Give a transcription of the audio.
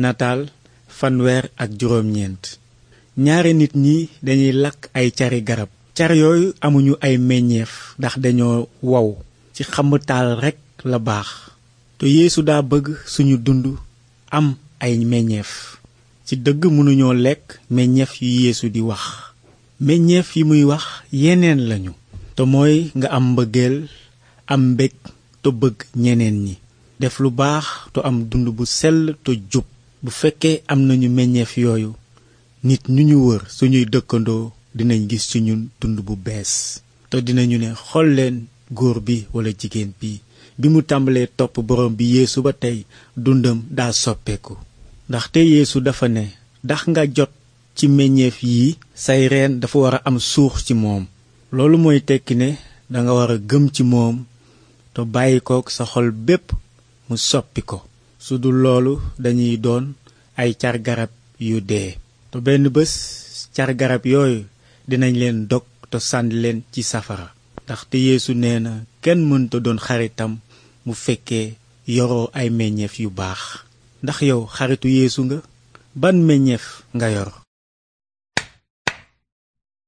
nataal fanweer ak juróom-ñeent ñaari nit ñi dañuy lakk ay cari garab car yooyu amuñu ay meññeef ndax dañoo wow ci xamm rekk la baax te yeesu daa bëgg suñu dund am ay meññeef ci dëgg mënuñoo lekk meññeef yi yéesu di wax meññeef yi muy wax yeneen lañu te mooy nga am mbëggeel am mbég te bëgg ñeneen ñi def lu baax te am dund bu sell te jub bu fekkee am nañu meññeef yooyu nit ñu ñu wër suñuy dëkkandoo dinañ gis ci ñun dund bu bees te dinañu ne xool leen góor bi walla jigéen bi bi mu tàmbalee topp borom bi yeesu ba tey dundam daa soppeeku ndaxte yéesu dafa ne ndax nga jot ci meññeef yi say reen dafa war a am suux ci moom loolu mooy tekki ne danga war a gëm ci moom te bàyyi kook sa xol bépp mu soppi ko su dul loolu dañuy doon ay car garab yu dee te benn bés car garab yooyu dinañ leen dog te leen ci safara te yéesu nee na kenn mënta doon xaritam mu fekkee yoroo ay meññeef yu baax ndax yow xaritu yeesu nga ban meññeef nga yor